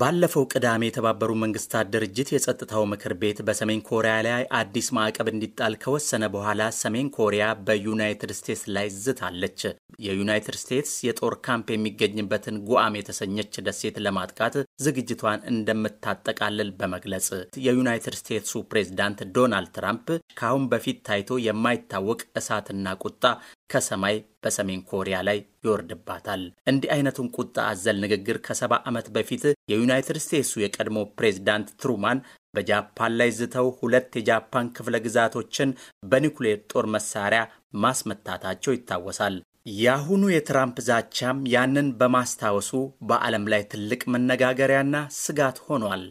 ባለፈው ቅዳሜ የተባበሩት መንግስታት ድርጅት የጸጥታው ምክር ቤት በሰሜን ኮሪያ ላይ አዲስ ማዕቀብ እንዲጣል ከወሰነ በኋላ ሰሜን ኮሪያ በዩናይትድ ስቴትስ ላይ ዝታለች። የዩናይትድ ስቴትስ የጦር ካምፕ የሚገኝበትን ጉአም የተሰኘች ደሴት ለማጥቃት ዝግጅቷን እንደምታጠቃልል በመግለጽ የዩናይትድ ስቴትሱ ፕሬዝዳንት ዶናልድ ትራምፕ ከአሁን በፊት ታይቶ የማይታወቅ እሳትና ቁጣ ከሰማይ በሰሜን ኮሪያ ላይ ይወርድባታል። እንዲህ አይነቱን ቁጣ አዘል ንግግር ከሰባ ዓመት በፊት የዩናይትድ ስቴትሱ የቀድሞ ፕሬዝዳንት ትሩማን በጃፓን ላይ ዝተው ሁለት የጃፓን ክፍለ ግዛቶችን በኒኩሌር ጦር መሳሪያ ማስመታታቸው ይታወሳል። የአሁኑ የትራምፕ ዛቻም ያንን በማስታወሱ በዓለም ላይ ትልቅ መነጋገሪያና ስጋት ሆኗል።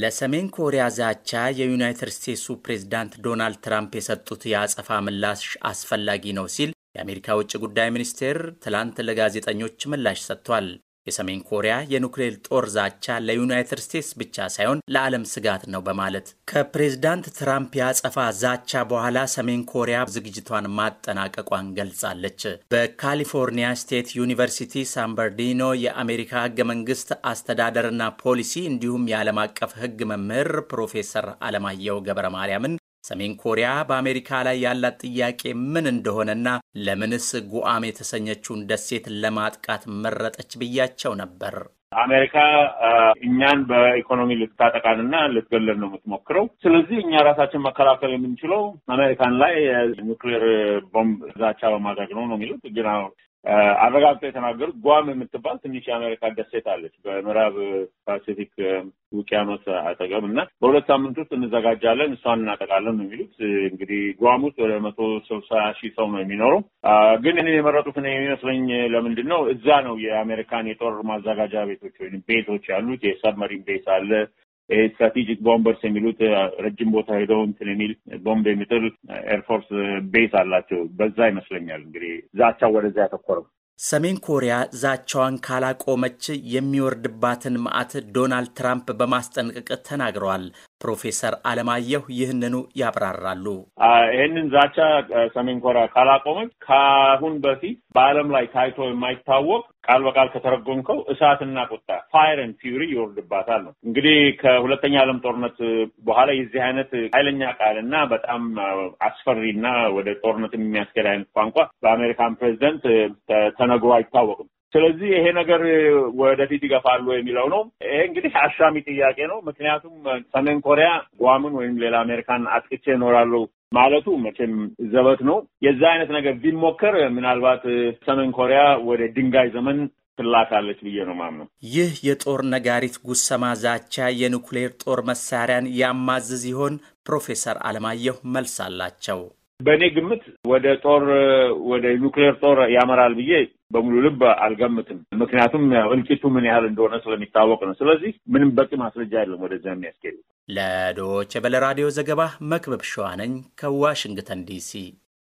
ለሰሜን ኮሪያ ዛቻ የዩናይትድ ስቴትሱ ፕሬዝዳንት ዶናልድ ትራምፕ የሰጡት የአጸፋ ምላሽ አስፈላጊ ነው ሲል የአሜሪካ ውጭ ጉዳይ ሚኒስቴር ትላንት ለጋዜጠኞች ምላሽ ሰጥቷል። የሰሜን ኮሪያ የኑክሌር ጦር ዛቻ ለዩናይትድ ስቴትስ ብቻ ሳይሆን ለዓለም ስጋት ነው በማለት ከፕሬዝዳንት ትራምፕ ያጸፋ ዛቻ በኋላ ሰሜን ኮሪያ ዝግጅቷን ማጠናቀቋን ገልጻለች። በካሊፎርኒያ ስቴት ዩኒቨርሲቲ ሳንበርዲኖ የአሜሪካ ህገ መንግስት አስተዳደርና ፖሊሲ እንዲሁም የዓለም አቀፍ ህግ መምህር ፕሮፌሰር አለማየሁ ገብረ ማርያምን ሰሜን ኮሪያ በአሜሪካ ላይ ያላት ጥያቄ ምን እንደሆነና ለምንስ ጉአም የተሰኘችውን ደሴት ለማጥቃት መረጠች ብያቸው ነበር። አሜሪካ እኛን በኢኮኖሚ ልትታጠቃንና ልትገለን ነው የምትሞክረው። ስለዚህ እኛ ራሳችን መከላከል የምንችለው አሜሪካን ላይ ኒውክሌር ቦምብ ዛቻ በማድረግ ነው ነው የሚሉት ግን አረጋግጠው የተናገሩት ጓም የምትባል ትንሽ የአሜሪካ ደሴት አለች በምዕራብ ፓሲፊክ ውቅያኖስ አጠገብ እና በሁለት ሳምንት ውስጥ እንዘጋጃለን እሷን እናጠቃለን የሚሉት። እንግዲህ ጓም ውስጥ ወደ መቶ ስልሳ ሺህ ሰው ነው የሚኖረው። ግን እኔ የመረጡት ነው የሚመስለኝ ለምንድን ነው እዛ ነው የአሜሪካን የጦር ማዘጋጃ ቤቶች ወይም ቤቶች ያሉት የሰብመሪን ቤት አለ ስትራቴጂክ ቦምበርስ የሚሉት ረጅም ቦታ ሄደው እንትን የሚል ቦምብ የሚጥል ኤርፎርስ ቤስ አላቸው። በዛ ይመስለኛል እንግዲህ ዛቻው ወደዛ ያተኮረው። ሰሜን ኮሪያ ዛቻዋን ካላቆመች የሚወርድባትን መዓት ዶናልድ ትራምፕ በማስጠንቀቅ ተናግረዋል። ፕሮፌሰር አለማየሁ ይህንኑ ያብራራሉ። ይህንን ዛቻ ሰሜን ኮሪያ ካላቆመች ከአሁን በፊት በዓለም ላይ ታይቶ የማይታወቅ ቃል በቃል ከተረጎምከው እሳትና ቁጣ ፋየር ኤንድ ፊውሪ ይወርድባታል ነው። እንግዲህ ከሁለተኛ ዓለም ጦርነት በኋላ የዚህ አይነት ኃይለኛ ቃል እና በጣም አስፈሪና ወደ ጦርነት የሚያስገድ አይነት ቋንቋ በአሜሪካን ፕሬዚደንት ተነግሮ አይታወቅም። ስለዚህ ይሄ ነገር ወደፊት ይገፋሉ የሚለው ነው። ይሄ እንግዲህ አሻሚ ጥያቄ ነው። ምክንያቱም ሰሜን ኮሪያ ጓምን ወይም ሌላ አሜሪካን አጥቅቼ እኖራለሁ ማለቱ መቼም ዘበት ነው። የዛ አይነት ነገር ቢሞከር ምናልባት ሰሜን ኮሪያ ወደ ድንጋይ ዘመን ትላካለች ብዬ ነው ማምነው። ይህ የጦር ነጋሪት ጉሰማ ዛቻ የኑክሌር ጦር መሳሪያን ያማዝዝ ይሆን? ፕሮፌሰር አለማየሁ መልስ አላቸው። በእኔ ግምት ወደ ጦር ወደ ኒውክሌር ጦር ያመራል ብዬ በሙሉ ልብ አልገምትም። ምክንያቱም እልቂቱ ምን ያህል እንደሆነ ስለሚታወቅ ነው። ስለዚህ ምንም በቂ ማስረጃ የለም ወደዚያ የሚያስኬድ። ለዶይቼ ቬለ ራዲዮ ዘገባ መክበብ ሸዋነኝ ከዋሽንግተን ዲሲ